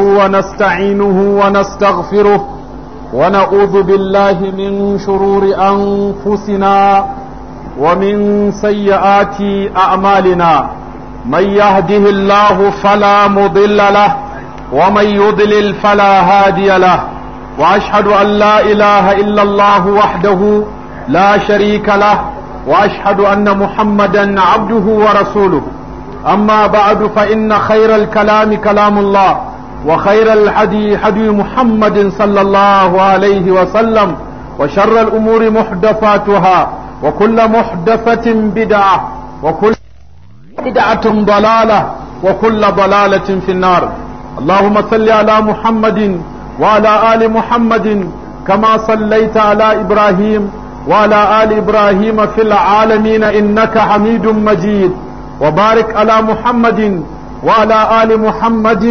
ونستعينه ونستغفره ونعوذ بالله من شرور أنفسنا ومن سيئات أعمالنا من يهده الله فلا مضل له ومن يضلل فلا هادي له وأشهد أن لا إله إلا الله وحده لا شريك له وأشهد أن محمدا عبده ورسوله أما بعد فإن خير الكلام كلام الله وخير الحدي حدي محمد صلى الله عليه وسلم وشر الأمور محدثاتها وكل محدثة بدعة وكل بدعة ضلالة وكل ضلالة في النار اللهم صل على محمد وعلى آل محمد كما صليت على إبراهيم وعلى آل إبراهيم في العالمين إنك حميد مجيد وبارك على محمد وعلى آل محمد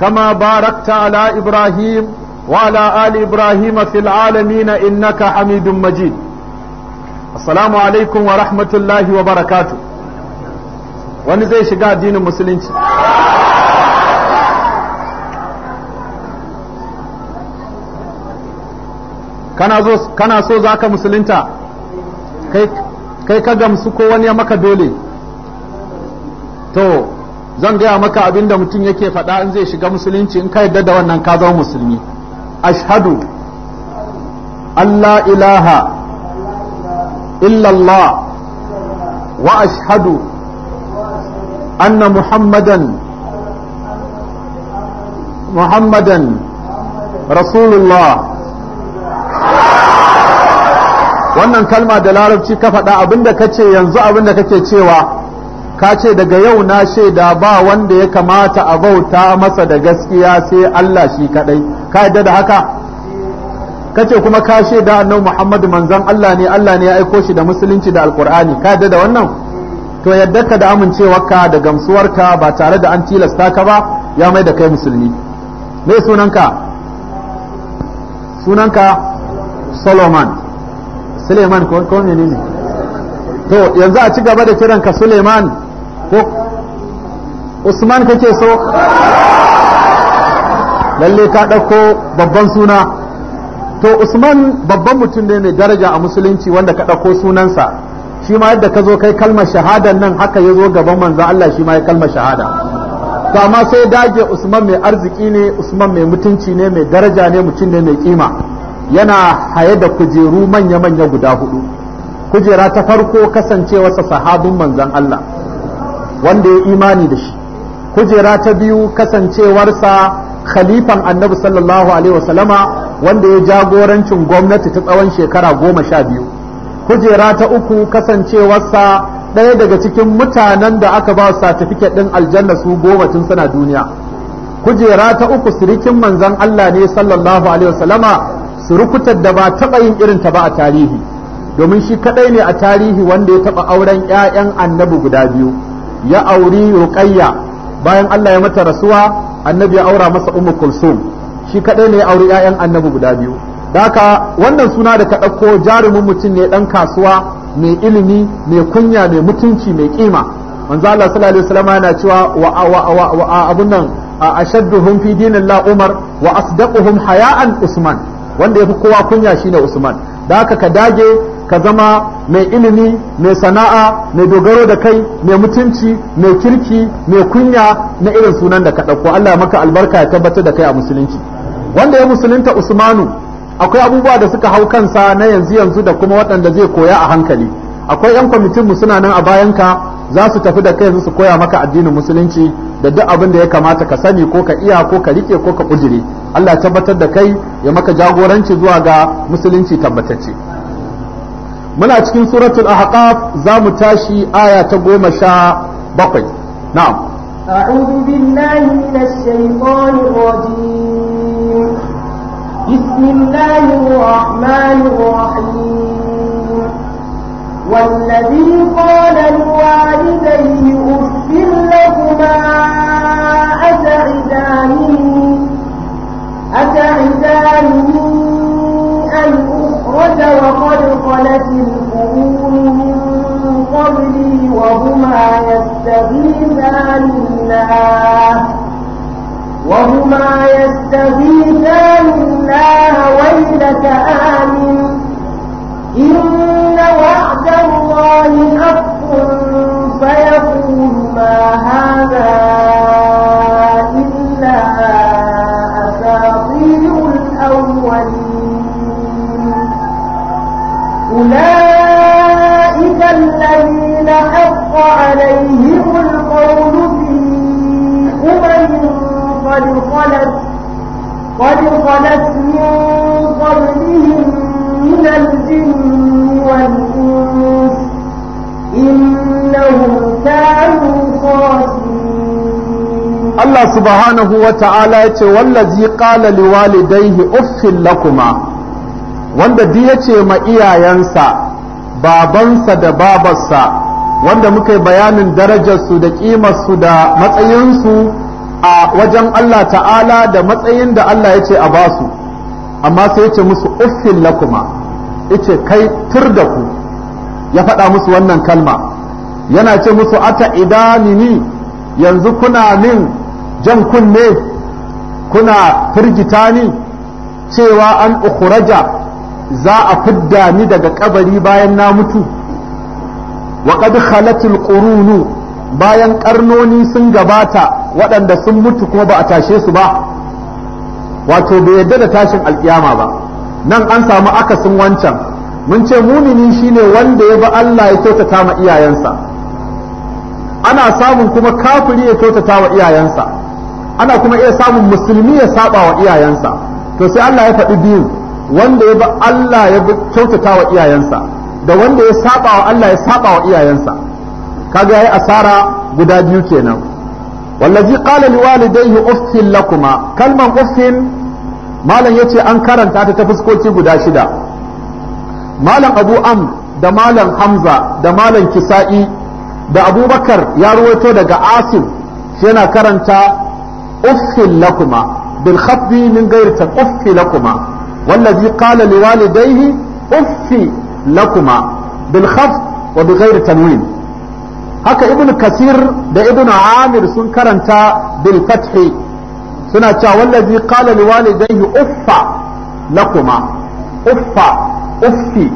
كما باركت على إبراهيم وعلى آل إبراهيم في العالمين إنك حميد مجيد السلام عليكم ورحمة الله وبركاته wani zai shiga addinin musulunci kana so za ka musulunta kai ka gamsu ko wani ya maka dole to zan gaya maka abin da mutum yake faɗa in zai shiga musulunci in ka yadda da wannan ka zama musulmi ashhadu Allah ilaha illallah wa ashhadu anna muhammadan muhammadan rasulullah wannan kalma da larabci ka faɗa abinda kace yanzu abinda kake cewa ka ce daga yau na shaida ba wanda ya kamata a bauta masa da gaskiya sai Allah shi kadai ka yadda da haka ka ce kuma ka shaida annabi Muhammadu manzon Allah ne Allah ne ya aiko shi da musulunci da alkur'ani ka yadda da wannan to yadda ka da amincewarka da gamsuwarka ba tare da an tilasta ka ba ya mai da kai musulmi me sunanka sunanka Solomon Suleiman ko ne to yanzu a ci gaba da kiranka Suleiman ko usman kake so lalle ka ɗauko babban suna to usman babban mutum ne mai daraja a musulunci wanda ka ɗauko sunansa shi ma yadda ka zo kai kalmar shahada nan haka ya zo gaban manzan Allah shi ma ya kalmar shahada to amma sai dage usman mai arziki ne usman mai mutunci ne mai daraja ne mutum ne mai kima yana haye da kujeru manya-manya guda hudu kujera ta farko kasancewarsa sahabin manzan Allah wanda ya imani da shi kujera ta biyu kasancewarsa khalifan annabi sallallahu alaihi wasallama wanda ya jagorancin gwamnati ta tsawon shekara goma sha biyu kujera ta uku kasancewarsa ɗaya daga cikin mutanen da aka ba satifiket ɗin aljanna su goma tun suna duniya kujera ta uku sirikin manzan Allah ne sallallahu alaihi wasallama surukutar da ba taɓa yin irin ta ba a tarihi domin shi kaɗai ne a tarihi wanda ya taɓa auren 'ya'yan annabi guda biyu ya auri ruqayya bayan Allah ya mata rasuwa annabi ya aura masa ummu kulsum shi kadai ne ya auri ƴaƴan annabi guda biyu daka wannan suna da ka ɗauko jarumin mutum ne dan kasuwa mai ilimi mai kunya mai mutunci mai kima manzo Allah sallallahu alaihi wasallam yana cewa wa wa abun nan ashadduhum fi dinillah Umar wa asdaquhum haya'an Usman wanda yafi kowa kunya shine Usman da ka dage ka zama mai ilimi mai sana'a mai dogaro da kai mai mutunci mai kirki mai kunya na irin sunan da ka ɗauko Allah maka albarka ya tabbatar da kai a musulunci wanda ya musulunta usmanu akwai abubuwa da suka hau kansa na yanzu yanzu da kuma waɗanda zai koya a hankali akwai yan kwamitin mu suna nan a bayan ka za su tafi da kai yanzu su koya maka addinin musulunci da duk abin da ya kamata ka sani ko ka iya ko ka rike ko ka kujire Allah ya tabbatar da kai ya maka jagoranci zuwa ga musulunci tabbatacce muna cikin suratul ahqaf za mu tashi aya ta goma sha bakwai na'am أعوذ بالله من الشيطان الرجيم بسم الله الرحمن الرحيم والذي قال لوالديه أف لكما أتعدانني أتعدانني وهما يستغيثان وهما يستغيثان الله ويلك آمن إن وعد الله حق فيقول ما هذا أولئك الذين حق عليهم القول في أمم قد خلت قد خلت من قبلهم من الجن والإنس إنهم كانوا خاسرين الله سبحانه وتعالى والذي قال لوالديه أف لكما wanda duk ya ce ma iyayensa babansa da babarsa wanda muka yi bayanin darajarsu da ƙimarsu da matsayinsu a wajen Allah ta'ala da matsayin da Allah ya ce a basu amma sai ya ce musu uffin lakuma ya ce kai tur da ku ya faɗa musu wannan kalma yana ce musu ata idanini yanzu kuna min jan kunne kuna firgita ni cewa an ukuraja. za a fidda ni daga kabari bayan na mutu wa qad khalatul qurunu bayan ƙarnoni sun gabata waɗanda sun mutu kuma ba a tashe su ba wato bai yadda da tashin alkiyama ba nan an samu akasin wancan mun ce mumini shine wanda ya ba Allah ya kyautata ma iyayensa ana samun kuma kafiri ya kyautata wa iyayensa ana kuma iya samun musulmi ya saba wa iyayensa to sai Allah ya faɗi biyu wanda ya bi Allah ya bi kyautata wa iyayensa da wanda ya saba wa Allah ya saba wa iyayensa kaga yayi asara guda biyu kenan wallazi qala liwalidayhi uffil lakuma kalman uffin malam yace an karanta ta ta fuskoki guda shida malam abu am da malam hamza da malam kisa'i da abubakar ya ruwaito daga asim shi yana karanta uffin lakuma bil khafi min ghairi ta lakuma wallazi qala liwalidayhi uffi lakuma bil wa bi ghairi tanwin haka ibn kasir da ibn amir sun karanta bil fathi suna cewa wallazi qala liwalidayhi uffa lakuma uffa uffi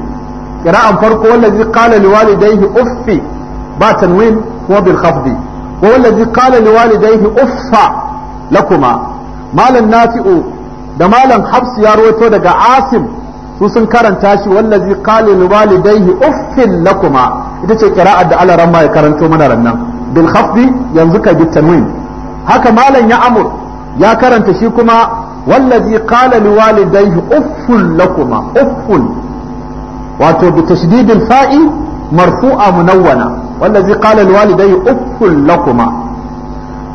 qira'an farko wallazi qala liwalidayhi uffi ba tanwin wa bil khafdi wa wallazi qala liwalidayhi uffa lakuma malan nafi'u da malam hafs ya rawaito daga asim su sun karanta shi wallazi qala li walidayhi uffin lakuma ita ce qira'ar da Allah ma ya karanto mana rannan bil khafdi yanzu ka bi tanwin haka malam ya amur ya karanta shi kuma wallazi qala li walidayhi uffin lakuma uffin wato bi tashdidil fa'i marfu'a munawwana wallazi qala li walidayhi uffin lakuma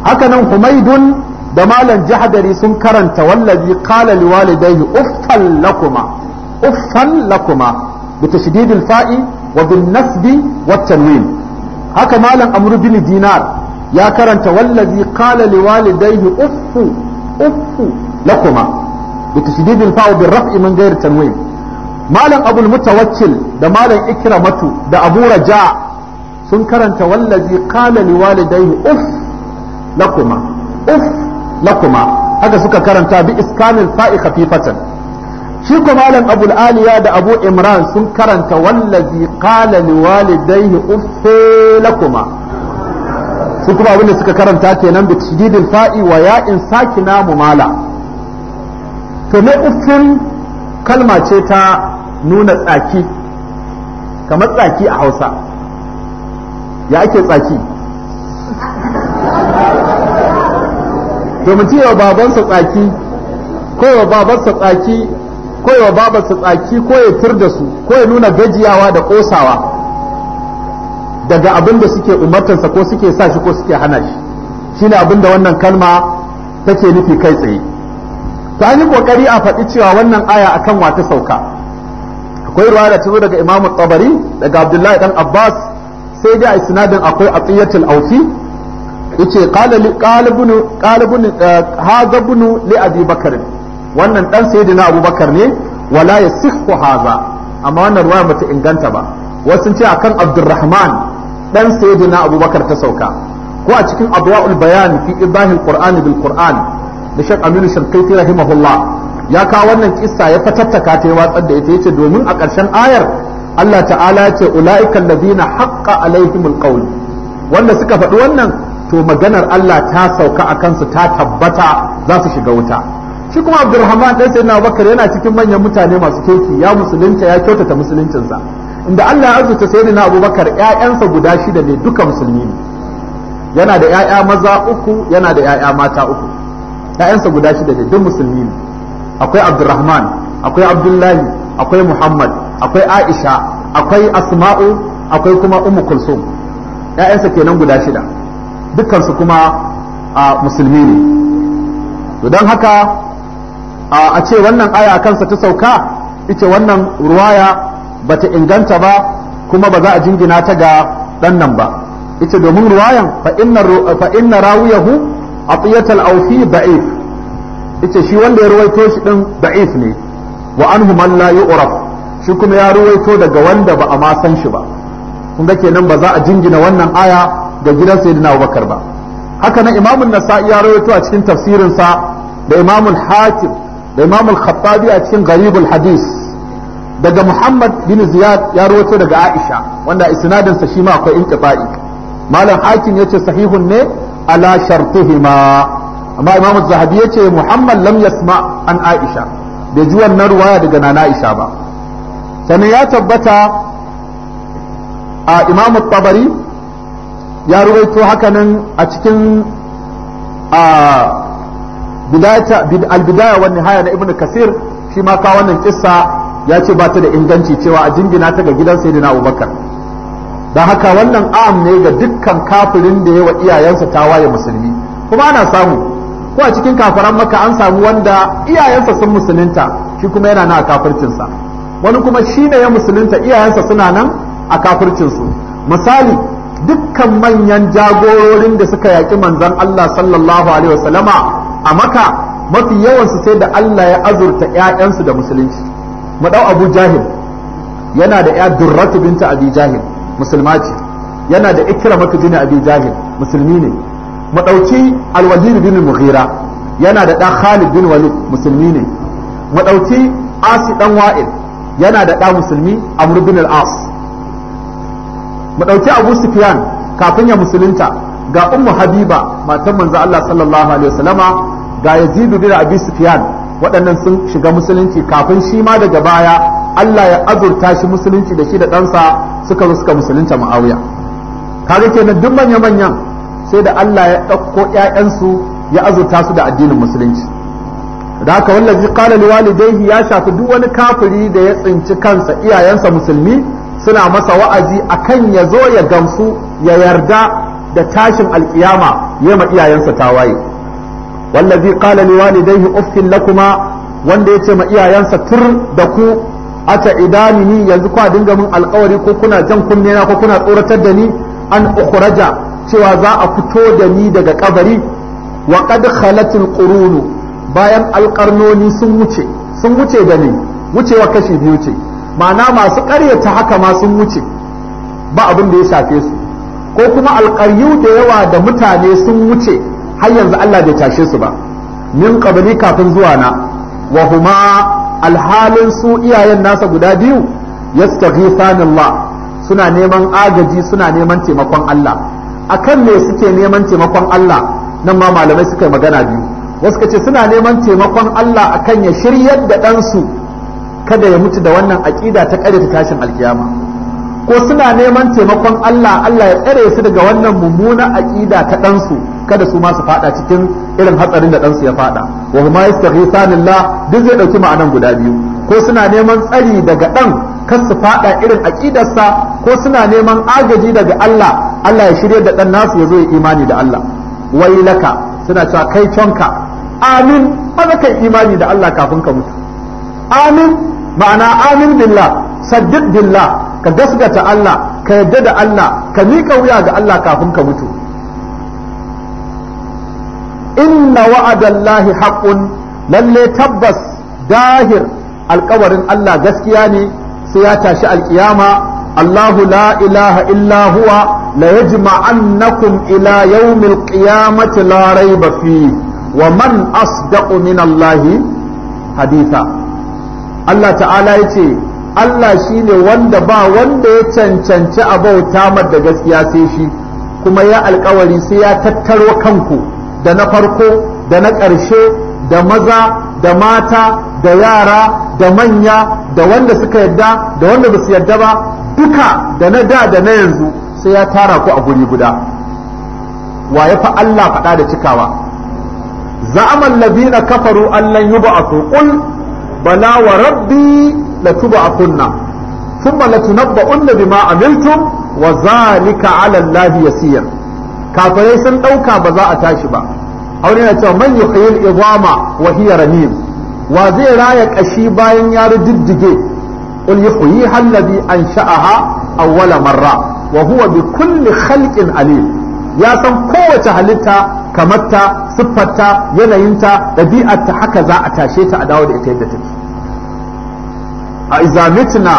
haka nan humaydun da malam jahadari sun karanta wallazi qala liwalidayhi uffan lakuma uffan lakuma bi tashdidil fa'i wa bin nasbi wat tanwin haka malam amru bin dinar ya karanta wallazi qala liwalidayhi uffu uffu lakuma bi tashdidil fa'i bil raf'i min ghairi tanwin malam abul mutawakkil da malam ikramatu da abu raja sun karanta wallazi qala liwalidayhi uff lakuma uff lakuma haka suka karanta bi iskamin fa'i khafifatan shi ko malam abu aliya da abu imran sun karanta wallazi qala liwalidayhi uffe lakuma su kuma da suka karanta kenan bi tashdidil fa'i wa ya'in sakina mumala to me uffin kalma ce ta nuna tsaki kamar tsaki a Hausa ya ake tsaki domin ce wa babansa tsaki ko wa babansa tsaki ko wa babansa tsaki ko ya tur da su ko ya nuna gajiyawa da kosawa daga abin da suke umartansa ko suke sa shi ko suke hana shi shine abin da wannan kalma take nufi kai tsaye to an yi kokari a faɗi cewa wannan aya akan wata sauka akwai ruwa da tazo daga imamu tabari daga abdullahi dan abbas sai dai a sinadin akwai atiyatul aufi yace qala li qalibun eh, hadha bunu li abi bakr wannan dan sayyidina abubakar ne wala yasihhu hadha amma wannan ruwaya bata inganta ba wasu ce akan abdurrahman dan sayyidina abubakar ta sauka ko a cikin abwaul bayan fi ibahil qur'an bil qur'an da shek aminu shankaiti rahimahullah ya kawo wannan kissa ya fatattaka ta watsar da ita yace domin a ƙarshen ayar Allah ta'ala ya ce ula'ika alladhina haqqa alaihimul qawl wanda suka faɗi wannan to maganar Allah ta sauka a kansu ta tabbata za su shiga wuta shi kuma Abdulrahman dan sayyidina Abubakar yana cikin manyan mutane masu kirki ya musulunta ya kyautata musuluncinsa inda Allah ya azurta sayyidina Abubakar ƴaƴansa guda shida ne duka musulmi ne yana da ƴaƴa maza uku yana da ƴaƴa mata uku ƴaƴansa guda shida ne duk musulmi ne akwai Abdulrahman akwai Abdullahi akwai Muhammad akwai Aisha akwai Asma'u akwai kuma Ummu Kulsum ƴaƴansa kenan guda shida Dukkansu kuma a musulmi ne don haka a ce wannan aya kansa ta sauka ita wannan ruwaya ba ta inganta ba kuma ba za a jingina ta ga ɗan nan ba ita domin ruwayan fa inna rawiyahu atiyatal aufi da'if ita shi wanda ya ruwaito shi din da'if ne wa anhu man la yu'raf shi kuma ya ruwaito daga wanda ba a ma san shi ba kun ga kenan ba za a jingina wannan aya ga gidan sayyidina Abubakar ba haka nan imamun nasai ya rawaito a cikin tafsirin sa da imamul hakim da imamul khattabi a cikin Gharibul Hadis daga Muhammad bin Ziyad ya rawaito daga Aisha wanda isnadin sa shi ma akwai inqita'i Malam Hakim yace sahihun ne ala shartihima amma Imam Zahabi yace Muhammad lam yasma an Aisha bai ji wannan ruwaya daga Nana Aisha ba sannan ya tabbata a Imam Tabari ya ruwaito hakanan a cikin albidaya wa nihaya na Ibn kasir shi ma ka wannan kissa ya ce ba ta da inganci cewa a jingina ta ga gidan sayyidina abubakar Da haka wannan a'am ne ga dukkan kafirin da yawa iyayensa tawaye musulmi kuma ana samu ko a cikin kafaran maka an samu wanda iyayensa sun musulunta shi kuma yana nan a kafircinsa wani kuma shi ne ya musulunta iyayensa suna nan a kafircinsu misali dukkan manyan jagororin da suka yaƙi manzan Allah sallallahu alaihi wasallama a maka mafi yawansu sai da Allah ya azurta ‘ya'yansu da musulunci madau abu jahil yana da ‘ya durratu binta abi jahil musulma ce yana da ikramatu jini abi jahil musulmi ne madauki ɗauki alwazir bin mughira yana da ɗa khalid bin walid musulmi ne madauki asi ɗan wa'il yana da ɗa musulmi amr bin al-as mu ɗauki abu sufyan kafin ya musulunta ga ummu habiba matan manzo Allah sallallahu alaihi wasallama ga yazidu bin abi sufyan waɗannan sun shiga musulunci kafin shi ma daga baya Allah ya azurta shi musulunci da shi da ɗansa suka zo suka musulunta muawiya kaga kenan duk manya manyan sai da Allah ya ɗauko ƴaƴansu ya azurta su da addinin musulunci da haka wallazi qala liwalidayhi ya shafi duk wani kafiri da ya tsinci kansa iyayensa musulmi suna masa wa'azi a kan ya zo ya gamsu ya yarda da tashin alƙiyama ya ma iyayensa tawaye wallazi qala dai uffin lakuma wanda yace ma iyayensa tur da ku ata idanini yanzu kwa dinga min alƙawari ko kuna jan kunne na ko kuna tsoratar da ni an ukhraja cewa za a fito da ni daga ƙabari. wa qad khalatil qurunu bayan alƙarnoni sun wuce sun wuce da ni wucewa kashi biyu ce ma'ana masu ƙaryata haka ma sun wuce ba abin da ya shafe su ko kuma alƙaryu da yawa da mutane sun wuce har yanzu Allah bai tashe su ba min qabli kafin zuwa na wa huma alhalin su iyayen nasa guda biyu yastaghifanillah suna neman agaji suna neman taimakon Allah akan me suke neman taimakon Allah nan ma malamai suka magana biyu wasu kace suna neman taimakon Allah akan ya shiryar da ɗansu kada ya mutu da wannan aƙida ta ƙare tashin alkiyama ko suna neman taimakon Allah Allah ya tsare su daga wannan mummuna aƙida ta ɗansu kada su ma su faɗa cikin irin hatsarin da ɗansu ya faɗa wa huma yastaghithanillah duk zai ɗauki ma'anan guda biyu ko suna neman tsari daga ɗan kar su faɗa irin aƙidarsa ko suna neman agaji daga Allah Allah ya shirya da ɗan nasu ya zo ya imani da Allah wailaka suna cewa kai conka amin ba za imani da Allah kafin ka mutu amin ma'ana amin billah saddiq billah ka gasgata Allah ka yadda da Allah ka miƙa wuya ga Allah kafin ka mutu inna wa'adallahi haqqun lalle tabbas dahir alƙawarin Allah gaskiya ne sai ya tashi alƙiyama Allahu la ilaha illa huwa la yajma'annakum ila yawmil qiyamati la rayba fi wa man asdaqu min Allah Allah ta'ala ya ce Allah shi ne wanda ba wanda ya cancanci a bauta mar da gaskiya sai shi kuma ya alkawari sai ya tattaro kanku da na farko da na ƙarshe da maza da mata da yara da manya da wanda suka yarda da wanda ba su yarda ba duka da na da da na yanzu sai ya tara ku a guri guda wa ya fa Allah faɗa da cikawa za'amal ladina kafaru allan yub'atu qul bala wa rabbi a kunna. latub'athunna thumma latunabba'unna bima amiltum wa zalika 'ala Allah yasir kafirai sun ɗauka ba za a tashi ba aure na cewa man yuhyil idama wa hiya ranim wa zai raya ƙashi bayan ya riddige qul yuhyiha alladhi ansha'aha awwala marra wa huwa bi kulli khalqin alim ya san kowace halitta kamarta siffarta yanayinta ɗabi'arta haka za a tashe ta a dawo da ita yadda take a izamitna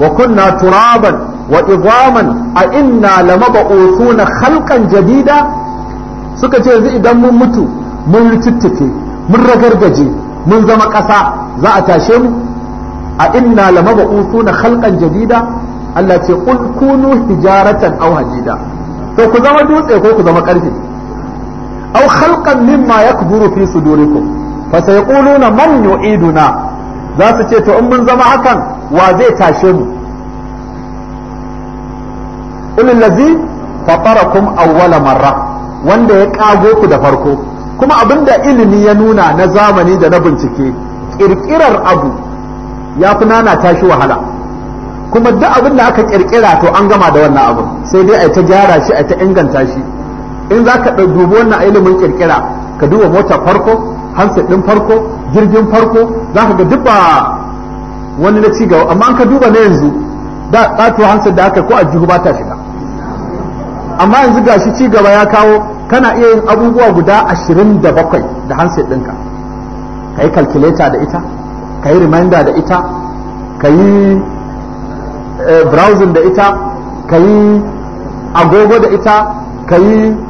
wa kunna turaban wa igwaman a inna lamab'uthuna halkan jadida suka ce yanzu idan mun mutu mun rututtuke mun ragargaje mun zama ƙasa za a tashe mu a inna lamab'uthuna halkan jadida Allah ce kunu hijaratan aw hadida to ku zama dutse ko ku zama ƙarfe aw khalqan mimma yakburu fi sudurikum fa sayquluna man yu'iduna za su ce to in mun zama hakan wa zai tashe mu ulul ladzi fatarakum awwala marra wanda ya kago ku da farko kuma abinda ilimi ya nuna na zamani da na bincike kirkirar abu ya fi nana tashi wahala kuma duk abinda aka kirkira to an gama da wannan abu sai dai a ta gyara shi a ta inganta shi in za ka dubi wannan ilimin kirkira ka duba mota farko hansa ɗin farko jirgin farko za ka ga duk wani na cigaba amma an ka duba na yanzu da ɗato hansa da aka ko a jihu ba ta shiga amma yanzu gashi shi cigaba ya kawo kana iya yin abubuwa guda ashirin da bakwai da hansa ɗinka ka yi calculator da ita ka yi reminder da ita ka yi eh, browsing da ita ka yi agogo da ita ka yi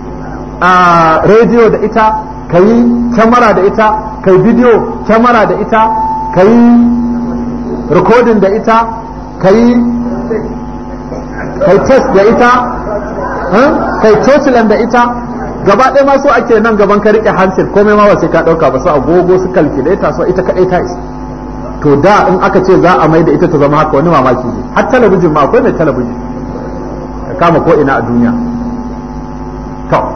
a rediyo da ita ka yi kyamara da ita ka yi bidiyo kyamara da ita ka yi rikodin da ita ka yi test da ita eh, ka yi da ita gaba ɗaya ma so ake nan gaban ka riƙe handset komai ma wasu ka ɗauka ba su agogo su kalkileta su ita kaɗai ta isa to da in aka ce za a mai da ita ta zama haka wani mamaki ne har talabijin ma akwai mai talabijin ka kama ko ina a duniya to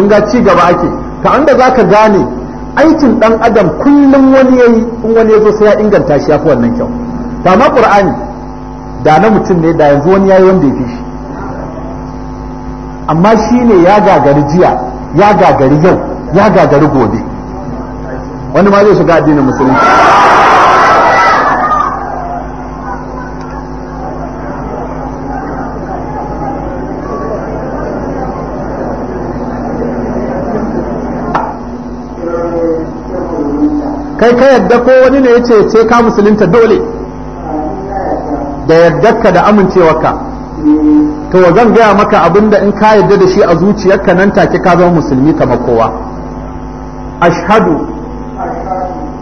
kun ga ci gaba ake ta anda za ka gane aikin dan adam kullum wani ya yi in wani ya zo sai ya inganta shi ya fi wannan kyau ta ma qur'ani da na mutum ne da yanzu wani ya yi wanda ya fi shi amma shi ne ya gagari jiya ya gagari yau ya gagari gobe wani ma zai shiga addinin musulunci kai ka yadda ko wani ne ya ce ce ka musulunta dole da ka da ka, to zan gaya maka abinda in ka yadda da shi a zuciyarka nan take ka zama musulmi kamar kowa ashhadu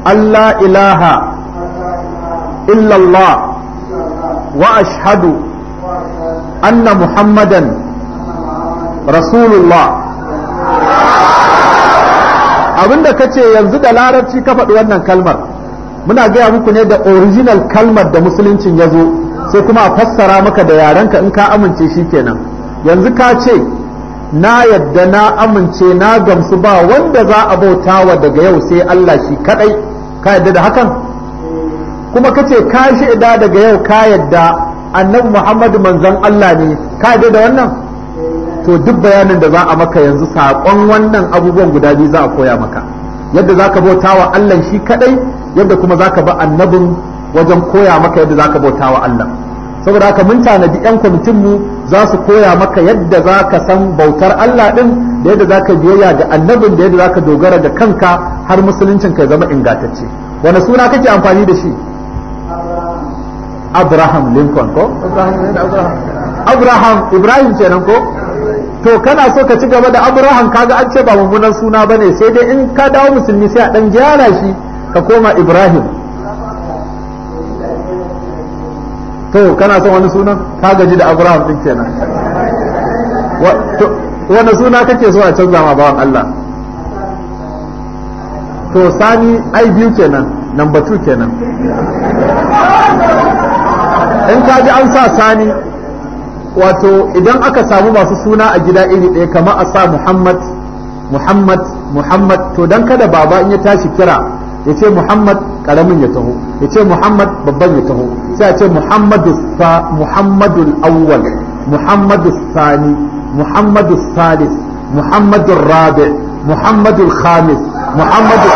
Allah ilaha illallah wa ashhadu anna muhammadan rasulullah abinda ka ce yanzu da larabci ka faɗi wannan kalmar muna gaya muku ne da original kalmar da musuluncin ya zo sai kuma a fassara maka da yarenka in ka amince shi kenan yanzu ka ce na yadda na amince na gamsu ba wanda za a bautawa daga yau sai Allah shi kadai ka yadda da hakan kuma ka ce ka shaida daga yau ka yadda annabi Muhammadu manzon Allah ne ka yadda da wannan to duk bayanin da za a maka yanzu saƙon wannan abubuwan guda biyu za a koya maka yadda za ka bauta wa Allah shi kaɗai yadda kuma za ka bi annabin wajen koya maka yadda za ka bauta wa Allah saboda haka mun tanadi 'yan mu za su koya maka yadda za ka san bautar Allah ɗin da yadda za ka biyayya da annabin da yadda za ka dogara da kanka har musuluncin ka zama ingantacce wani suna kake amfani da shi Abraham Lincoln ko Abraham Ibrahim kenan ko to kana so ka ci gaba da abrahan kaga an ce ba mummunan suna ba ne sai dai in ka dawo musulmi sai a dan gyara shi ka koma ibrahim to kana son wani sunan ka gaji da abraham din kenan wani suna kake so a canza ma bawan allah to sani ai biyu kenan number two kenan in ka ji an sa sani wato idan aka samu masu suna a gida iri ɗaya kamar a sa muhammad muhammad muhammad to dan kada baba in ya tashi kira ya ce muhammad karamin ya taho ya ce muhammad babban ya taho sai a ce muhammadu sa muhammadul awwal muhammadu sani muhammadu salis muhammadu rabi muhammadu khamis muhammadu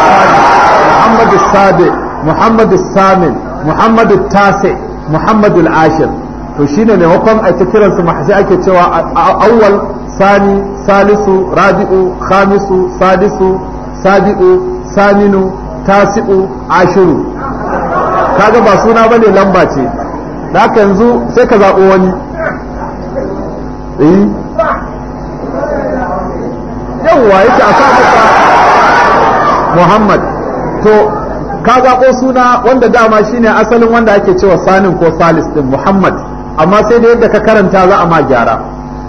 sadis muhammadu sabi muhammadu samin muhammadu tasi muhammadu ashir to shine maimakon a ta kiransu mahasi ake cewa awwal sani salisu rabi'u khamisu sadisu sabi'u saminu tasi'u ashiru kaga ba suna bane lamba ce da haka yanzu sai ka zabo wani eh yawa yake a sa Muhammad to ka ko suna wanda dama shine asalin wanda ake cewa sanin ko salis din Muhammad amma sai da yadda ka karanta za a ma gyara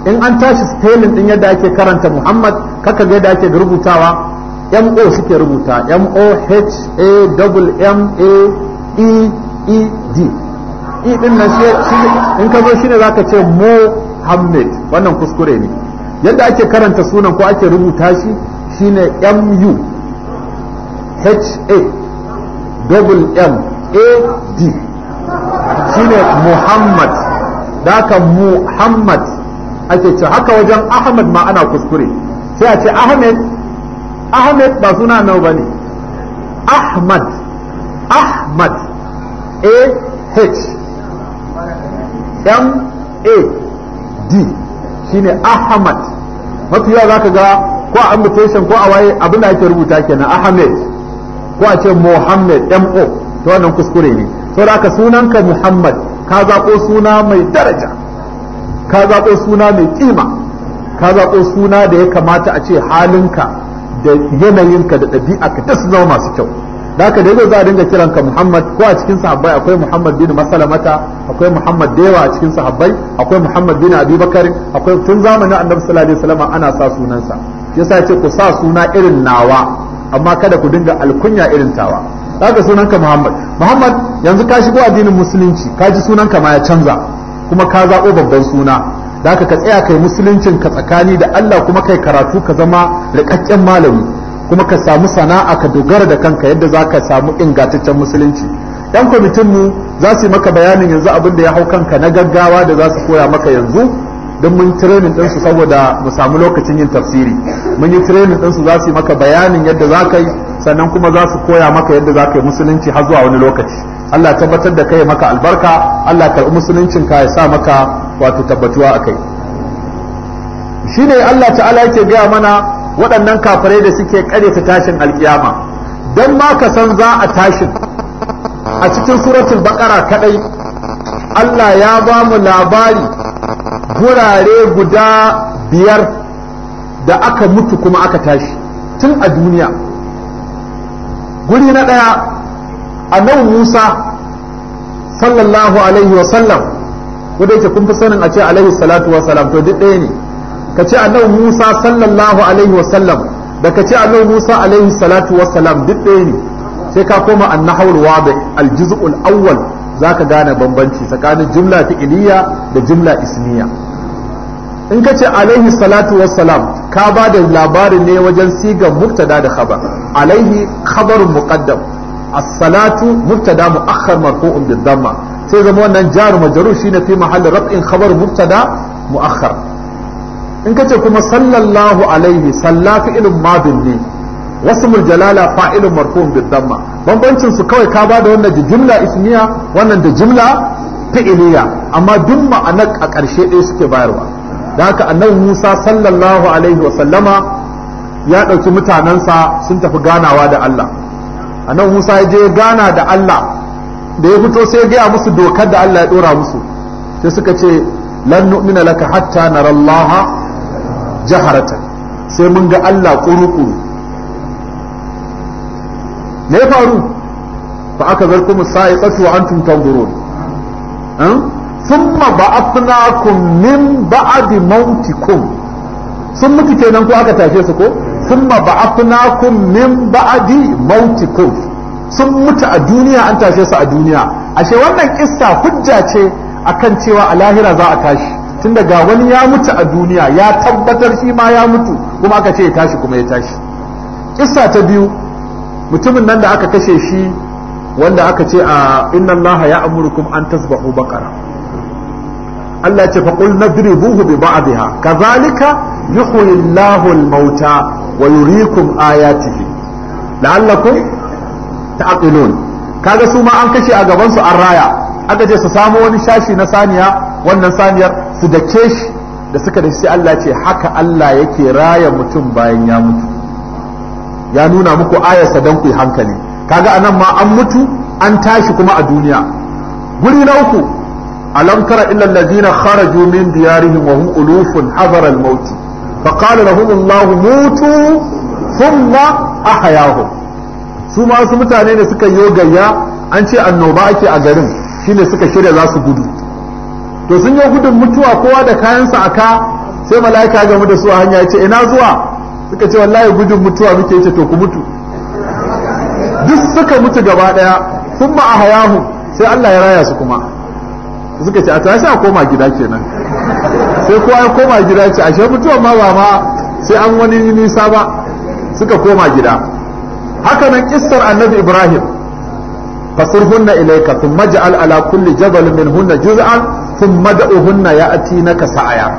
in an tashi stelin din yadda ake karanta Muhammad kaka ga yadda ake rubutawa mo suke rubuta M H A w M A E E D E din nan in ka zo shine zaka ce Muhammad wannan kuskure ne yadda ake karanta sunan ko ake rubuta shi shine M U H A w M A D shine Muhammad da muhammad ake ce haka wajen ahmad ma ana kuskure sai a ce ahmad ahmad ba suna nawa ba ne ahmad ahmad a h m a d shine ahmad mafiya za ka ga ko a ambitation ko a waye abin ake rubuta kenan ahmed ko a ce m o ta wannan kuskure ne da haka sunanka muhammad ka zaɓo suna mai daraja ka zaɓo suna mai kima ka zaɓo suna da ya kamata a ce halinka da yanayinka da ɗabi'arka ta su zama masu kyau da haka dai za a dinga kiranka Muhammad ko a cikin sahabbai akwai Muhammad bin Masalamata akwai Muhammad da yawa a cikin sahabbai akwai Muhammad bin abubakar akwai tun zamanin Annabi sallallahu alaihi wasallam ana sa sunansa yasa ce ku sa suna irin nawa amma kada ku dinga alkunya irin tawa zaka sunanka Muhammad Muhammad yanzu ka shigo addinin musulunci ka ji sunanka ma ya canza kuma ka zaɓo babban suna zaka ka tsaya kai musuluncin ka tsakani da Allah kuma kai karatu ka zama rikakken malami kuma ka samu sana'a ka dogara da kanka yadda zaka samu ingantaccen musulunci yan kwamitin mu za su yi maka bayanin yanzu abin da ya hau kanka na gaggawa da za su koya maka yanzu don mun training ɗinsu saboda mu samu lokacin yin tafsiri mun yi training ɗinsu za su yi maka bayanin yadda za ka yi sannan kuma za su koya maka yadda za ka yi musulunci har zuwa wani lokaci Allah ya tabbatar da kai maka albarka Allah ya karɓi musuluncin ka ya sa maka wato tabbatuwa a kai shine Allah ta'ala yake gaya mana waɗannan kafirai da suke ta tashin alkiyama dan ma ka san za a tashin a cikin suratul baƙara kaɗai Allah ya ba mu labari gurare guda biyar da aka mutu kuma aka tashi tun a duniya guri na ɗaya annabi musa sallallahu alaihi wa sallam wanda yake kun fi sanin a ce alaihi salatu wa to duk ɗaya ne ka ce annabi musa sallallahu alaihi wa sallam da ka ce annabi musa alaihi salatu wa salam duk ɗaya ne sai ka koma annahawul wadih aljuz'ul awwal zaka gane bambanci tsakanin jumla fi'iliya da jumla ismiya in ka ce alaihi salatu wa ka ba da labarin ne wajen siga murtada da khabar alaihi khabarun muqaddam as-salatu murtada mu'akhkhar marfu'un bid damma sai zama wannan jar majrur shine fi mahalli raf'in khabar murtada mu'akhkhar in kace kuma sallallahu alaihi salla fi'lun madin ne wasmul jalala fa'ilun marfu'un bid damma bambancin su kawai ka ba da wannan da jumla ismiya wannan da jumla fi'iliya amma duk ma'anar a ƙarshe ɗaya suke bayarwa da haka annabi Musa sallallahu alaihi wasallama ya ɗauki mutanensa sun tafi ganawa da Allah annabi Musa ya je gana da Allah da ya fito sai ya gaya musu dokar da Allah ya ɗora musu sai suka ce lan nu'mina laka hatta nara Allah jaharatan sai mun ga Allah kuru-kuru me ya faru fa aka zarku sai tsatu wa antum tanzurun ثم بعثناكم min بعد موتكم sun mutu kenan ko aka tashe su ko ma ba'athnakum min ba'di mautikum sun mutu a duniya an tashe su a duniya ashe wannan kissa hujja ce akan cewa a lahira za a tashi tunda ga wani ya mutu a duniya ya tabbatar shi ma ya mutu kuma aka ce ya tashi kuma ya tashi kissa ta biyu mutumin nan da aka kashe shi wanda aka ce a ah, inna allaha ya amurukum an tasbahu baqara Allah ce faƙul na buhu bi ba'adiha kazalika yuhyi Allahu lahul mauta wa yuriikum ayatihi la'allakum ta'qilun kaga su ma an kashe a gaban su an raya aka ce su samu wani shashi na saniya wannan saniyar su dake shi da suka da shi Allah ce haka Allah yake raya mutum bayan ya mutu ya nuna muku ayarsa don ku yi hankali kaga anan ma an mutu an tashi kuma a duniya guri na uku alam tara illa allazina kharaju min diyarihim wa hum ulufun hadara al-maut fa qala lahum Allah mutu thumma ahyahum su ma su mutane ne suka yi gayya an ce annoba ake a garin shine suka shirya za su gudu to sun yi gudun mutuwa kowa da kayansa aka sai mala'ika game da su a hanya ya ce ina zuwa suka ce wallahi gudun mutuwa muke ce to ku mutu duk suka mutu gaba daya sun ba a hayahu sai Allah ya raya su kuma suka ce a tashi a koma gida kenan sai kowa ya koma gida ce shi mutuwar ma ba ma sai an wani nisa ba suka koma gida haka nan kissar annabi ibrahim fasirhunna ilayka thumma ja'al ala kulli jabal minhunna juz'an thumma na ka sa'aya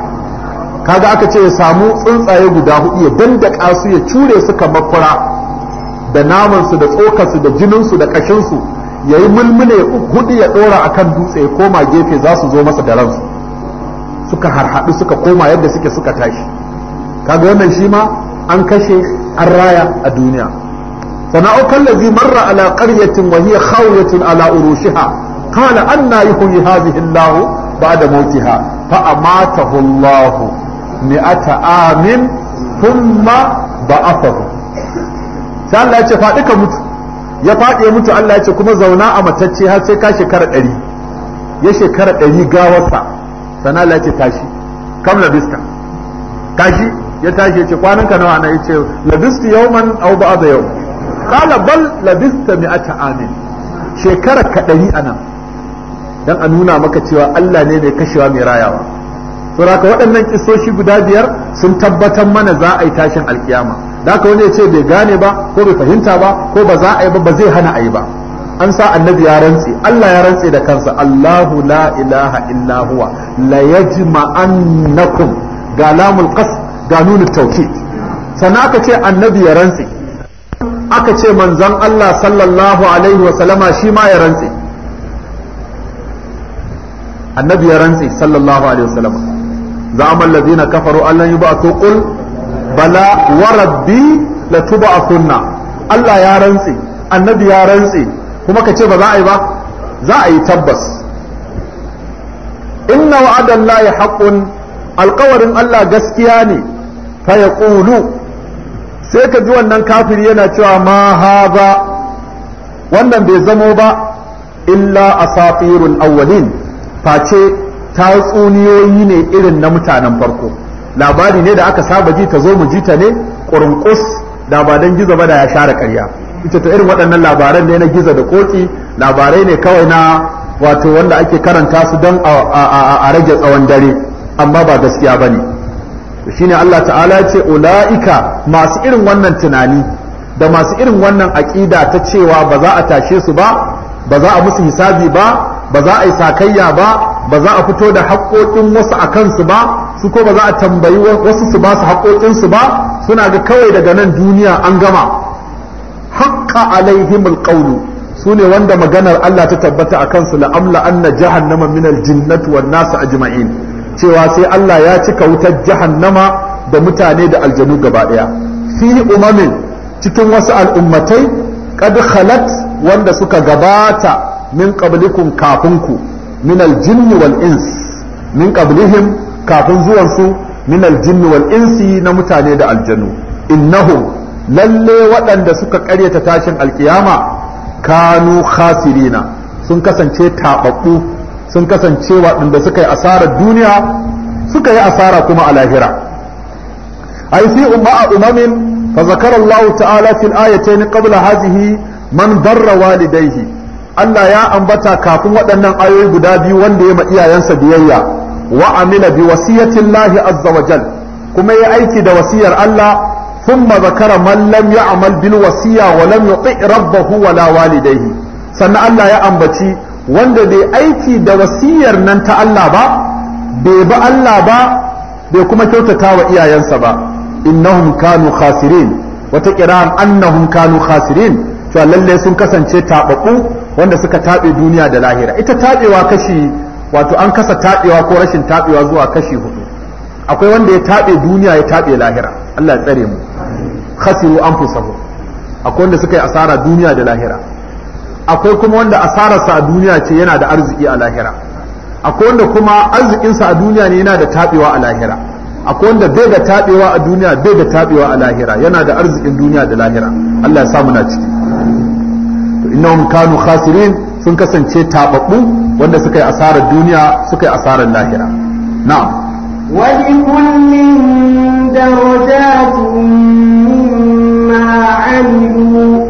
kaga aka ce ya samu tsuntsaye guda hudu ya dandaka su ya cure su kamar fura da namansu da tsokarsu da jininsu da ƙashinsu. ya yi mulmule hudu ya ɗora a kan dutse ya koma gefe za su zo masa da ransu suka harhaɗu suka koma yadda suke suka tashi kaga wannan shi ma an kashe an raya a duniya sana'ukan lazi marra ala qaryatin wa hiya khawiyatun ala urushiha qala anna yuhyi hadhihi Allahu ba'da mautiha fa amatahu Allahu mi'ata amin thumma ba'athahu sai Allah ya ce faɗi ka mutu ya faɗi ya mutu Allah ya ce kuma zauna a matacce har sai ka shekara ɗari ya shekara ɗari gawarsa sana Allah ya ce tashi kam labista kashi ya tashi ya ce kwanan ka nawa na ya ce labistu au ba ba'da yau qala bal labista ata amin shekara ka ɗari anan dan a nuna maka cewa Allah ne mai kashewa mai rayawa saboda waɗannan kisoshi guda biyar sun tabbatar mana za a yi tashin alkiyama da ka wani ya ce bai gane ba ko bai fahimta ba ko ba za a yi ba ba zai hana a yi ba an sa annabi ya rantse Allah ya rantse da kansa Allahu la ilaha illa huwa la yajma'annakum ga lamul qas ga nunu tawkid sannan aka ce annabi ya rantse aka ce manzon Allah sallallahu alaihi wa sallama shi ma ya rantse annabi ya rantse sallallahu alaihi wa sallama Za za'amal ladina kafaru an lan yub'atu qul bala wa rabbi a kunna. Allah ya rantsi annabi ya rantsi kuma ka ce ba za a yi ba za a yi tabbas inna wa'adan lahi haqqun alƙawarin Allah gaskiya ne fa yaqulu sai ka ji wannan kafiri yana cewa ma ba. wannan bai zamo ba illa asatirul awwalin face tatsuniyoyi ne irin na mutanen farko labari ne da aka saba ji ta zo mu ji ta ne ƙurunƙus da ba don gizo ba da ya share karya. ita ta irin waɗannan labaran ne na gizo da koki labarai ne kawai na wato wanda ake karanta su don a rage tsawon dare amma ba gaskiya ba ne shine Allah ta'ala ce ula'ika masu irin wannan tunani da masu irin wannan aƙida ta cewa ba za a tashe su ba ba za a musu hisabi ba ba za a yi sakayya ba ba za a fito da haƙoƙin wasu a kansu ba su ko ba za a tambayi wasu su ba su haƙoƙinsu ba suna ga kawai daga nan duniya an gama haƙƙa alaihimul qawlu su ne wanda maganar Allah ta tabbata a kansu la'amla anna jahannama min aljinnati wan nasu ajma'in cewa sai Allah ya cika wutar jahannama da mutane da aljanu gaba ɗaya fihi umamin cikin wasu al'ummatai qad khalat wanda suka gabata min qablikum kafinku min aljinn wal min qablihim kafin zuwan su min aljinn wal insi na mutane da aljanu innahum lalle waɗanda suka karyata tashin alkiyama kanu khasirina sun kasance taɓaɓɓu sun kasance waɗanda suka yi asarar duniya suka yi asara kuma a lahira ai fi umma umamin fa zakara Allah ta'ala fil ayatayn qabla hadhihi man darra walidayhi Allah ya ambata kafin waɗannan ayoyi guda biyu wanda ya ma iyayensa biyayya wa amila bi wasiyatin lahi azza wa jal kuma ya aiki da wasiyar Allah thumma zakara man lam ya'mal bil wasiya wa lam yuti rabbahu wa la walidayhi sannan Allah ya ambaci wanda bai aiki da wasiyar nan ta Allah ba bai bi Allah ba bai kuma kyautata wa iyayensa ba innahum kanu khasirin wata kira annahum kanu khasirin to lalle sun kasance taɓaɓɓu. wanda suka taɓe duniya da lahira ita taɓewa kashi wato an kasa taɓewa ko rashin taɓewa zuwa kashi hudu akwai wanda ya taɓe duniya ya taɓe lahira Allah ya tsare mu khasiru anfusahum akwai wanda suka yi asara duniya da lahira akwai kuma wanda asararsa a duniya ce yana da arziki a lahira akwai wanda kuma arzikinsa a duniya ne yana da taɓewa a lahira akwai wanda bai da taɓewa a duniya bai da taɓewa a lahira yana da arzikin duniya da lahira Allah ya sa na ciki to innahum kanu khasirin sun kasance tababbu wanda suka yi asarar duniya suka yi asarar lahira na'am wa kullin darajatun mimma 'amilu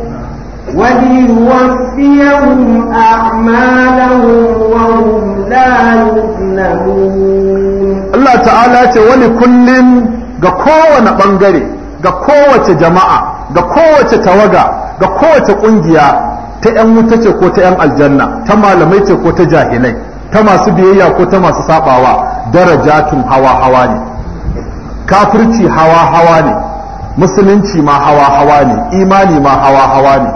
wa liwaffiyahum a'malahum wa hum la yuzlamun Allah ta'ala ce wani kullin ga kowane bangare ga kowace jama'a ga kowace tawaga ga kowace kungiya ta ƴan wuta ce ko ta ƴan aljanna ta malamai ce ko ta jahilai ta masu biyayya ko ta masu sabawa darajatun hawa hawa ne kafirci hawa hawa ne musulunci ma hawa hawa ne imani ma hawa hawa ne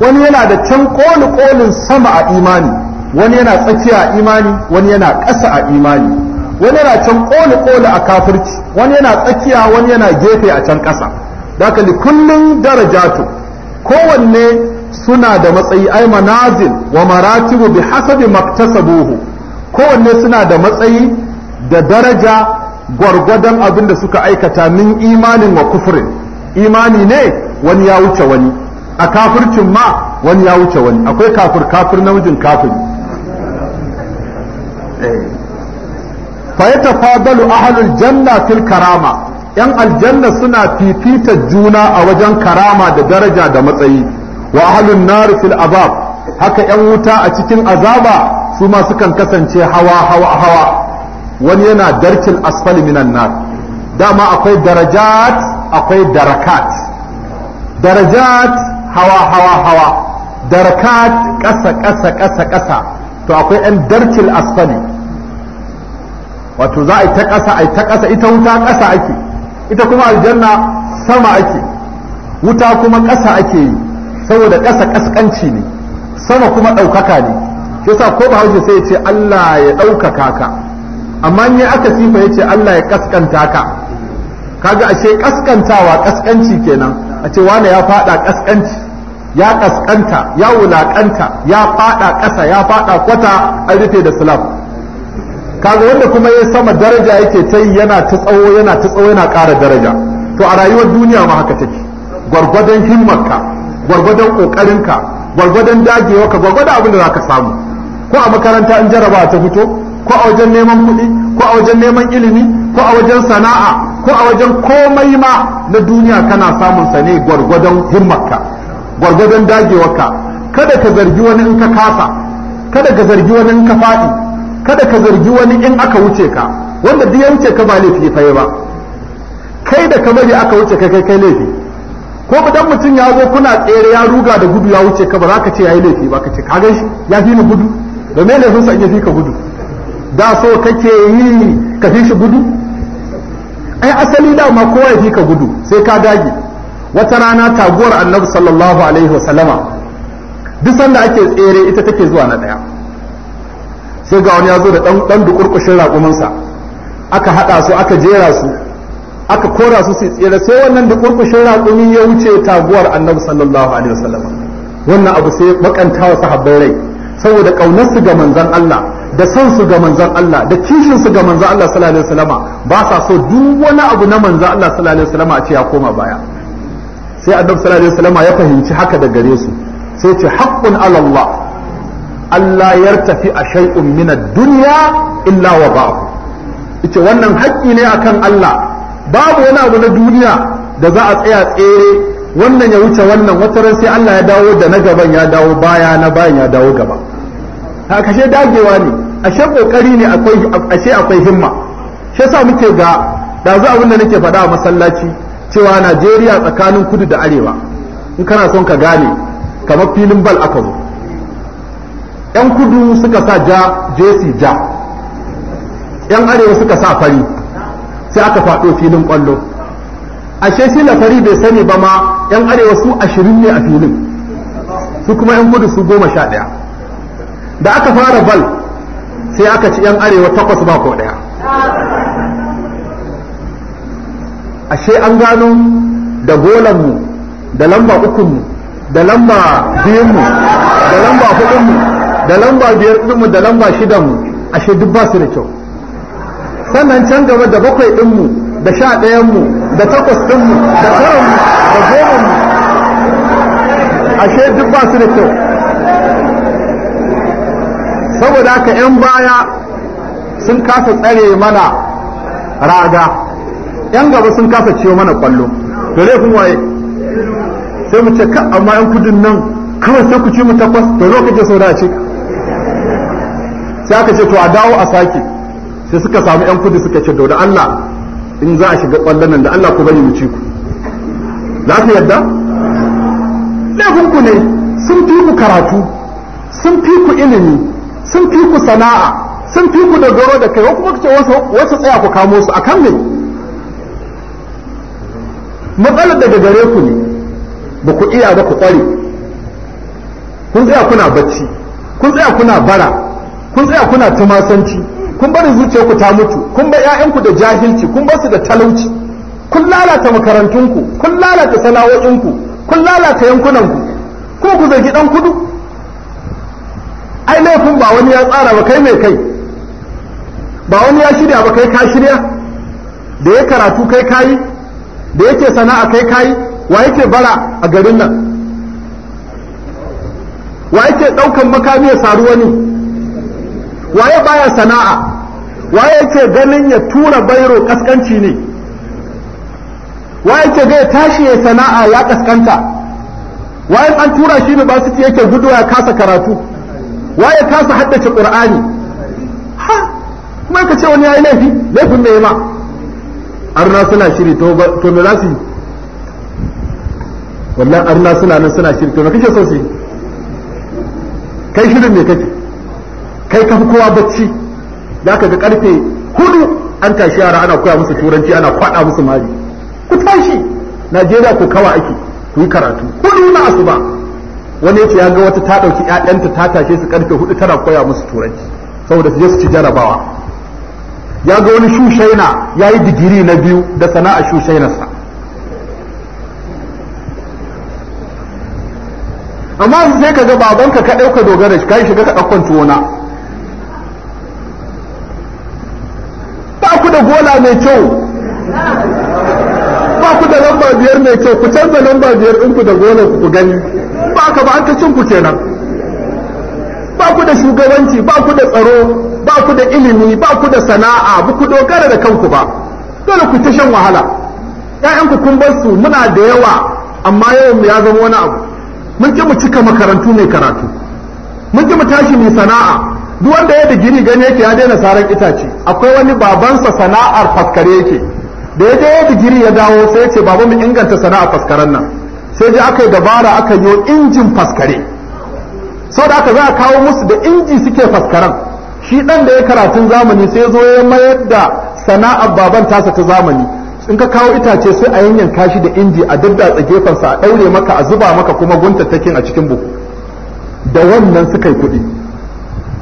wani yana da can koli kolin sama a imani wani yana tsakiya a imani wani yana ƙasa a imani wani yana can koli koli a kafirci wani yana tsakiya wani yana gefe a can ƙasa da kullum darajatu kowanne suna da matsayi ai manazil wa maratibu bi hasabi maktasabuhu kowanne suna da matsayi da daraja gwargwadon abin da suka aikata min imanin wa kufrin imani ne wani ya wuce wani a kafircin ma wani ya wuce wani akwai kafir kafir namijin kafir eh. fa ya tafadalu ahlul janna fil karama yan aljanna suna fifita juna a wajen karama da daraja da matsayi wa ahlun nar fil azab haka yan wuta a cikin azaba su ma sukan kasance hawa hawa hawa wani yana darkil asfali minan nar dama akwai darajat akwai darakat darajat hawa hawa hawa darakat ƙasa ƙasa ƙasa ƙasa to akwai yan darkil asfali wato za a yi ta ƙasa a yi ta ƙasa ita wuta ƙasa ake ita kuma aljanna sama ake wuta kuma ƙasa ake yi saboda ƙasa ƙasƙanci ne sama kuma ɗaukaka ne yasa ko ba hausa sai ya ce Allah ya ɗaukaka ka amma in ya aka sifa ya ce Allah ya ƙasƙanta ka kaga ashe ƙasƙantawa ƙasƙanci kenan a ce wane ya faɗa ƙasƙanci ya ƙasƙanta ya wulaƙanta ya faɗa ƙasa ya faɗa kwata an rufe da silam kaga wanda kuma ya sama daraja yake ta yi yana ta tsawo yana ta tsawo yana ƙara daraja to a rayuwar duniya ma haka take gwargwadon ka. gwargwadon kokarinka gwargwadon ka gwargwadon abin da za ka samu ko a makaranta in jaraba ta fito ko a wajen neman kuɗi ko a wajen neman ilimi ko a wajen sana'a ko a wajen komai ma na duniya kana samun sa ne gwargwadon himmarka gwargwadon dagewarka kada ka zargi wani in ka kasa kada ka zargi wani in ka faɗi kada ka zargi wani in aka wuce ka wanda duk ya wuce ka ba laifi fa ba kai da ka bari aka wuce kai kai laifi ko dan mutum ya zo kuna tsere ya ruga da gudu ya wuce ka ba za ka ce yayi laifi ba ka ce ka ganshi ya fi ni gudu da me ne sa ya fi ka gudu da so kake yi ka fi shi gudu ai asali da ma kowa ya fi ka gudu sai ka dage wata rana taguwar annabi sallallahu alaihi wasallama duk sanda ake tsere ita take zuwa na daya sai ga wani ya zo da dan dan dukurkushin raƙuminsa aka haɗa su aka jera su aka kora su su tsira sai wannan da kurkushin raƙumi ya wuce taguwar annabi sallallahu alaihi wasallam wannan abu sai bakanta wa sahabbai rai saboda kaunar su ga manzon Allah da son su ga manzon Allah da kishin su ga manzon Allah sallallahu alaihi wasallam ba sa so duk wani abu na manzon Allah sallallahu alaihi wasallam a ce ya koma baya sai annabi sallallahu alaihi wasallam ya fahimci haka da gare su sai ce haqqun ala Allah Allah yartafi a shay'un min ad-dunya illa wa ba'u ita wannan haƙƙi ne akan Allah babu wani abu na duniya da za a tsaya tsere wannan ya wuce wannan wata ran sai Allah ya dawo da na gaban ya dawo baya na bayan ya dawo gaba a kashe dagewa ne ashe kokari ne akwai ashe akwai himma shi yasa muke ga da za abin da nake faɗa a masallaci cewa Najeriya tsakanin kudu da arewa in kana son ka gane kamar filin bal aka zo yan kudu suka sa ja jesi ja yan arewa suka sa fari sai aka faɗo filin ƙwallo ashe shi lafari bai sani ba ma yan arewa su ashirin ne a filin su kuma yan gudu su goma sha ɗaya da aka fara bal sai aka ci yan arewa takwas ba ko ɗaya ashe an gano da golanmu da lamba ukunmu da lamba biyunmu da lamba hudunmu da lamba biyar da lamba shidanmu ashe duk ba su da kyau sannan can gaba da bakwai ɗinmu da sha ɗayanmu da takwas ɗinmu da taranmu da gomanmu ashe duk ba su da kyau saboda haka 'yan baya sun kasa tsare mana raga 'yan gaba sun kasa ciwo mana kwallo da kun waye sai mu ce ka amma 'yan kudin nan kawai sai ku ci mu takwas da lokacin sau da ce sai aka ce to a dawo a sake sai suka samu yan kudi suka ce da da Allah in za a shiga kwallon nan da Allah ku bari mu ci ku za su yadda laifin ku ne sun fi ku karatu sun fi ku ilimi sun fi ku sana'a sun fi ku dogaro da kai kuma ce wasu tsaya ku kamo su akan ne? matsalar daga gare ku ne ba ku iya ba ku ƙware? kun tsaya kuna bacci kun tsaya kuna bara kun tsaya kuna tumasanci kun bari zuciyarku ta mutu kun bar ƴaƴanku da jahilci kun bar su da talauci kun lalata makarantunku kun lalata sana'o'inku kun lalata yankunanku ko ku zargi dan kudu ai laifin ba wani ya tsara ba kai mai kai ba wani ya shirya ba kai ka shirya da ya karatu kai kayi da yake sana'a kai kayi wa yake bara a garin nan wa yake ɗaukan makami ya saru wani waye baya sana'a waye yake ganin ya tura bairo kaskanci ne waye yake ga ya tashi ya sana'a ya kaskanta waye an tura shi ne ba su yake guduwa ya kasa karatu waye kasa haddace qur'ani ha kuma ka ce wani yayi laifi laifin me ma arna suna shiri to to me za su yi wallahi arna suna nan suna shiri to me kake so su yi kai shirin ne kake kai ka fi kowa bacci ya ka ga karfe hudu an tashi yara ana koya musu turanci ana kwaɗa musu mari ku tashi najeriya ku kawa ake ku yi karatu hudu na asuba wani ya ya ga wata ta ɗauki ƴaƴanta ta tashe su karfe hudu tana koya musu turanci saboda su je su ci jarabawa ya ga wani shushaina ya yi digiri na biyu da sana'a shushainarsa amma sai ka ga babanka ka ɗauka dogara shi ka yi shiga ka ɗaukan tuwona da gola mai kyau ba ku da lamba biyar mai kyau ku canza lamba biyar ɗinku da gola ku gani ba ka ba an ta cin ku kenan ba ku da shugabanci ba ku da tsaro ba ku da ilimi ba ku da sana'a ba ku dogara da kanku ba dole ku ta shan wahala ƴaƴanku kun bar su muna da yawa amma yawan mu ya zama wani abu mun ki mu cika makarantu mai karatu mun ki mu tashi mai sana'a duk wanda ya digiri gani yake ya daina saran itace akwai wani babansa sana'ar faskare yake da ya je ya digiri ya dawo sai ya ce baba mu inganta sana'ar faskaren nan sai je aka yi dabara aka yi injin faskare sau da aka za a kawo musu da inji suke faskaren shi dan da ya karatun zamani sai zo ya mayar da sana'ar baban tasa ta zamani in ka kawo itace sai a yanyanka shi da inji a daddatsa gefensa a daure maka a zuba maka kuma guntattakin a cikin buhu da wannan suka yi kuɗi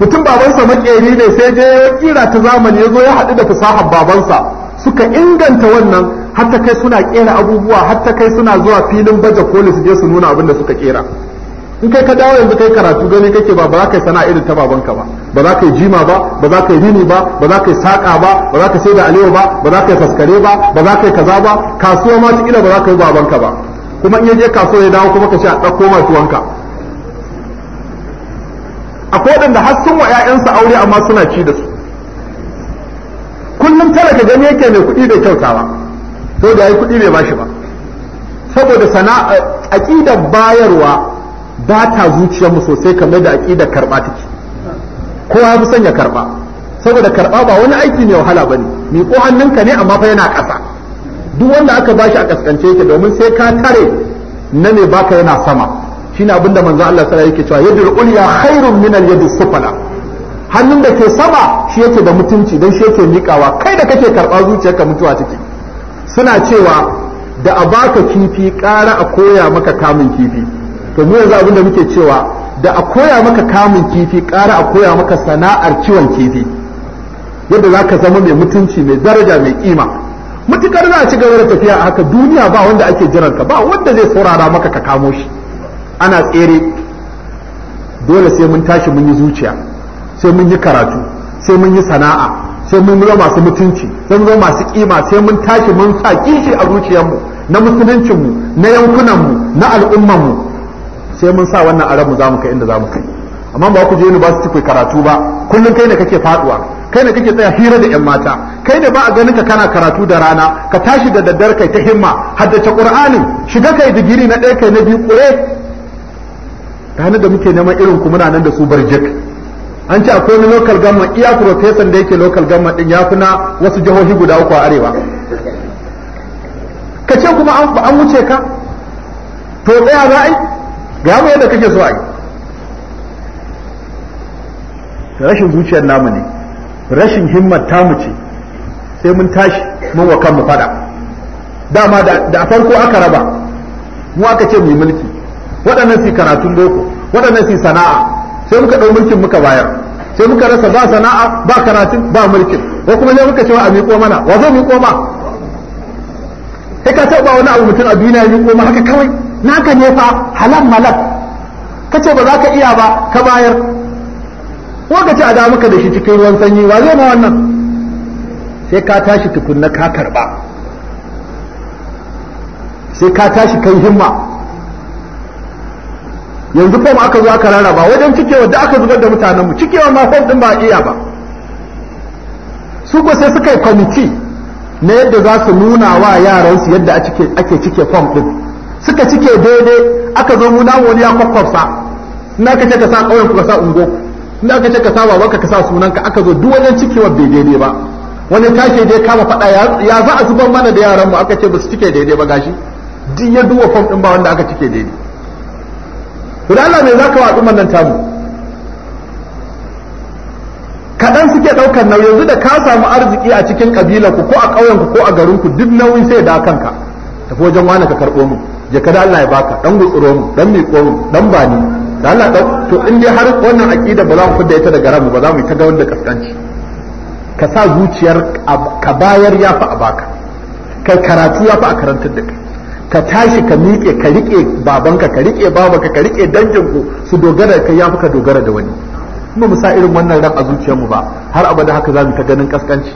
mutum babansa makeri ne sai je ya kira ta zamani ya zo ya haɗu da fasahar babansa suka inganta wannan har kai suna kera abubuwa har kai suna zuwa filin baje koli su je su nuna abin da suka kera in kai ka dawo yanzu kai karatu gani kake ba ba za ka yi sana'a irin ta babanka ba ba za ka yi jima ba ba za ka yi rini ba ba za ka yi saƙa ba ba za ka sai da alewa ba ba za ka yi faskare ba ba za ka yi kaza ba kasuwa ma ta ba za ka yi babanka ba kuma in ya je kasuwa ya dawo kuma ka ce a ɗauko ma wanka. akwai waɗanda har sun wa 'ya'yansu aure amma suna ci da su kullum talaka gani yake mai kuɗi bai kyautawa to da yi kuɗi bai bashi ba saboda sana'a aƙidar bayarwa ba ta zuciyarmu sosai kamar da aƙidar karɓa take kowa ya fi sanya karɓa saboda karɓa ba wani aiki mai wahala ba ne miƙo hannunka ne amma fa yana ƙasa duk wanda aka bashi a ƙasƙance yake domin sai ka tare na mai baka yana sama shine abinda manzo Allah sallallahu alaihi wasallam yake cewa yadul ulya khairun min al yadi sufala hannun da ke sama shi yake da mutunci dan shi yake mikawa kai da kake karɓa karba ka mutuwa take suna cewa da a baka kifi ƙara a koya maka kamun kifi to mu yanzu abinda muke cewa da a koya maka kamun kifi ƙara a koya maka sana'ar kiwon kifi yadda za ka zama mai mutunci mai daraja mai kima mutukar za a ci gaba da tafiya a haka duniya ba wanda ake jiran ka ba wanda zai saurara maka ka kamo shi ana tsere dole sai mun tashi mun yi zuciya sai mun yi karatu sai mun yi sana'a sai mun zama masu mutunci sai mun zama masu kima sai mun tashi mun sa kishi a zuciyarmu na musuluncinmu na yankunanmu na al'ummanmu sai mun sa wannan a mu za mu kai inda za mu kai amma ba ku je university kai karatu ba kullum kai ne kake faduwa kai ne kake tsaya hira da yan mata kai ne ba a ganin ka kana karatu da rana ka tashi da daddare kai ta himma haddace qur'ani shiga kai digiri na ɗaya kai na biyu kure ta da muke neman irin ku muna nan da su barjek an ce akwai wani local government iya professor da yake local government din ya kuna wasu jihohi guda uku a arewa ka ce kuma an wuce ka to tsaya za a yi ga mu yadda kake so a yi rashin zuciyar namu ne rashin himmar tamu ce sai mun tashi mun wa kanmu fada dama da a farko aka raba mu aka ce mu mulki waɗannan su karatun boko waɗannan su sana'a sai muka ɗau mulkin muka bayar sai muka rasa ba sana'a ba karatun ba mulkin ko kuma sai muka cewa a miƙo mana wa zo miƙo ma sai ka ba wani abu mutum a duniya miƙo ma haka kawai naka ne fa halal malak kace ba za ka iya ba ka bayar ko ka ci a da muka da shi cikin ruwan sanyi wa zai ma wannan sai ka tashi tukunna ka karba sai ka tashi kan himma yanzu fom aka zo aka rarraba wajen cikewa da aka zubar da mutanen mu cikewa ma fom din ba a iya ba su ko sai suka yi kwamiti na yadda za su nuna wa yaransu yadda ake cike fom din suka cike daidai aka zo muna wani ya kwakwafsa in aka ce ka sa ƙauyen ku ka sa ungo in aka ce ka sa babanka ka sa sunanka aka zo duk wajen cikewa bai daidai ba wani take dai kama faɗa ya za a zubar mana da yaran mu aka ce ba su cike daidai ba gashi duk ya duwa fom din ba wanda aka cike daidai to da Allah me zaka wa al'ummar nan tamu kaɗan suke ɗaukar nauyi yanzu da ka samu arziki a cikin ƙabilarku ko a ƙauyenku ko a garinku duk nauyin sai da kanka tafi wajen wani ka karɓo mu je ka da Allah ya baka dan gutsuro mu dan miƙo mu dan bani da Allah dan to in dai har wannan aqida ba za mu fidda ita daga ranmu ba za mu yi ta ga wanda kaskanci ka sa zuciyar ka bayar ya fa a baka kai karatu ya fa a karantar da kai ka tashi ka miƙe ka riƙe babanka ka riƙe babanka ka riƙe danginku su dogara kai ya ka dogara da wani kuma mu irin wannan ran a zuciyarmu ba har abada haka za ta ganin kaskanci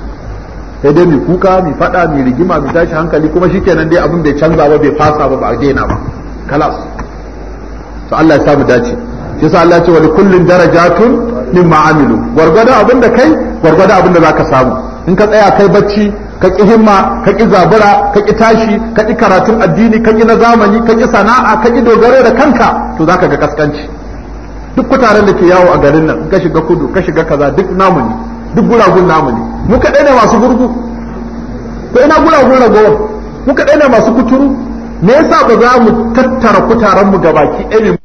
sai dai mai kuka mai fada mai rigima mi tashi hankali kuma shikenan dai abin bai canza ba bai fasa ba ba a daina ba kalas to Allah ya samu dace shi sa Allah ya ce wa kullum darajatun mimma amilu gwargwada abin da kai gwargwada abin da zaka samu in ka tsaya kai bacci ka ƙi himma ka ƙi zabura ka ƙi tashi ka ƙi karatun addini ka ƙi na zamani ka ƙi sana'a ka ƙi dogaro da kanka to za ka ga kaskanci duk kutaren da ke yawo a garin nan ka shiga kudu ka shiga kaza duk namu ne duk guragun namu ne mu kaɗai ne masu gurgu to ina guragun ragowar mu kaɗai ne masu kuturu me yasa ba za mu tattara kutaren mu gabaki ɗaya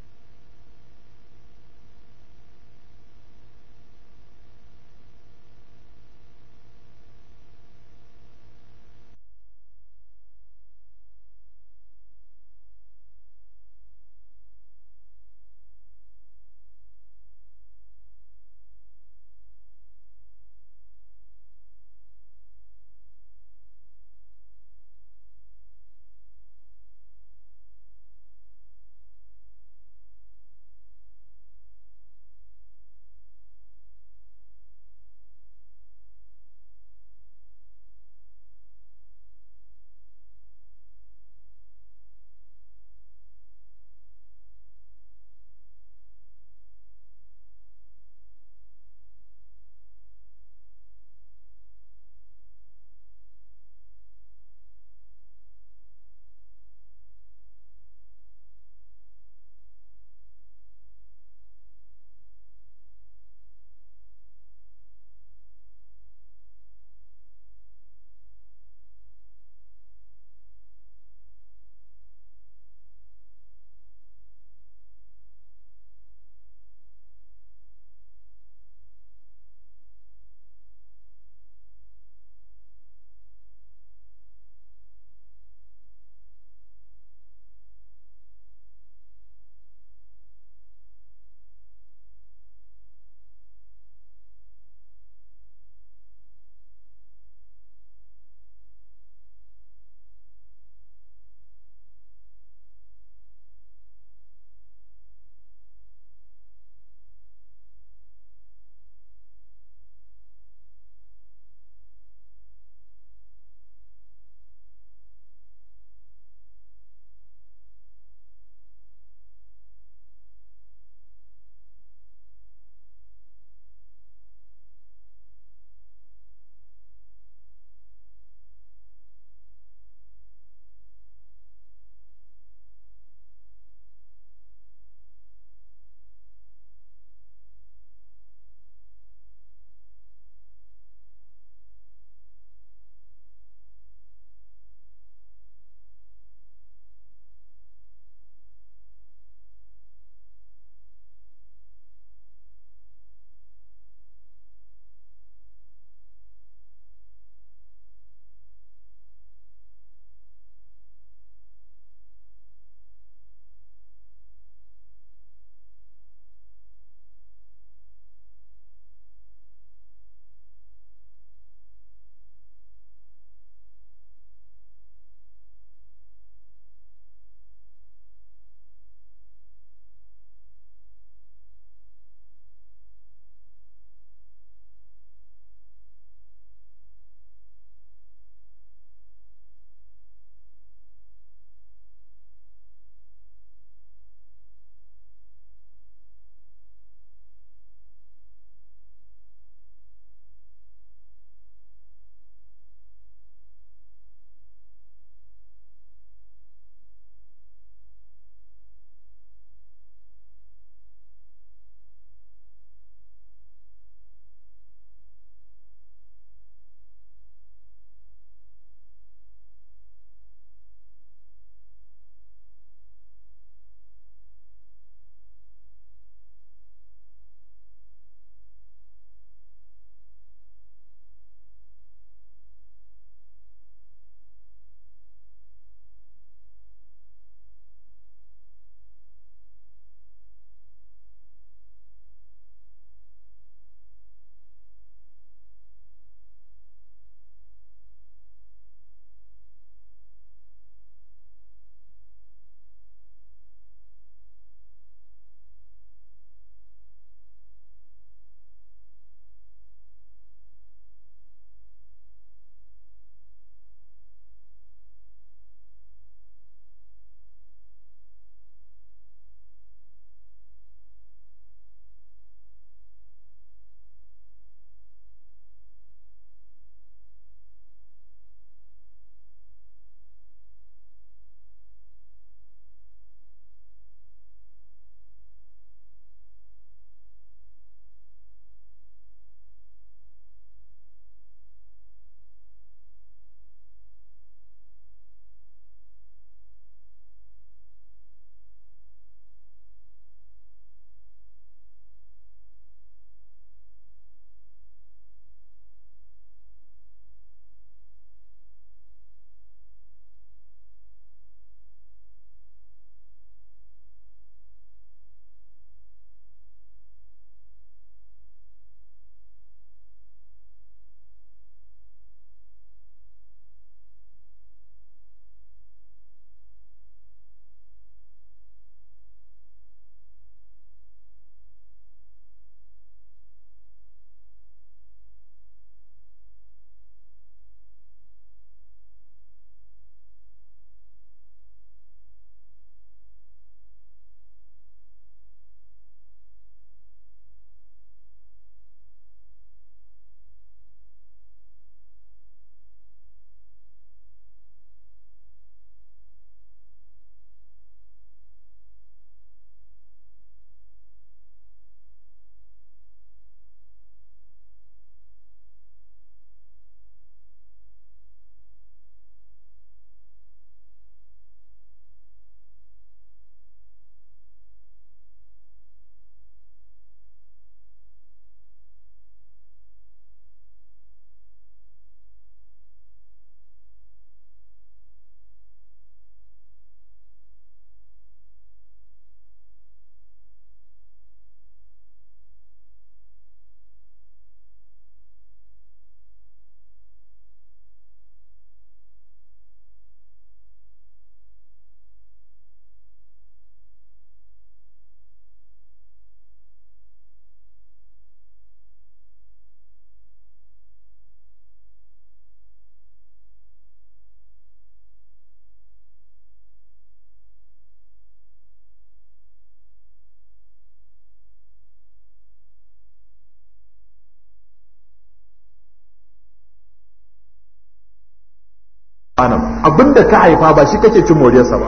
abinda ka haifa ba shi kake cin moriyarsa ba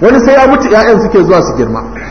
wani sai ya mutu 'ya'yan suke zuwa su girma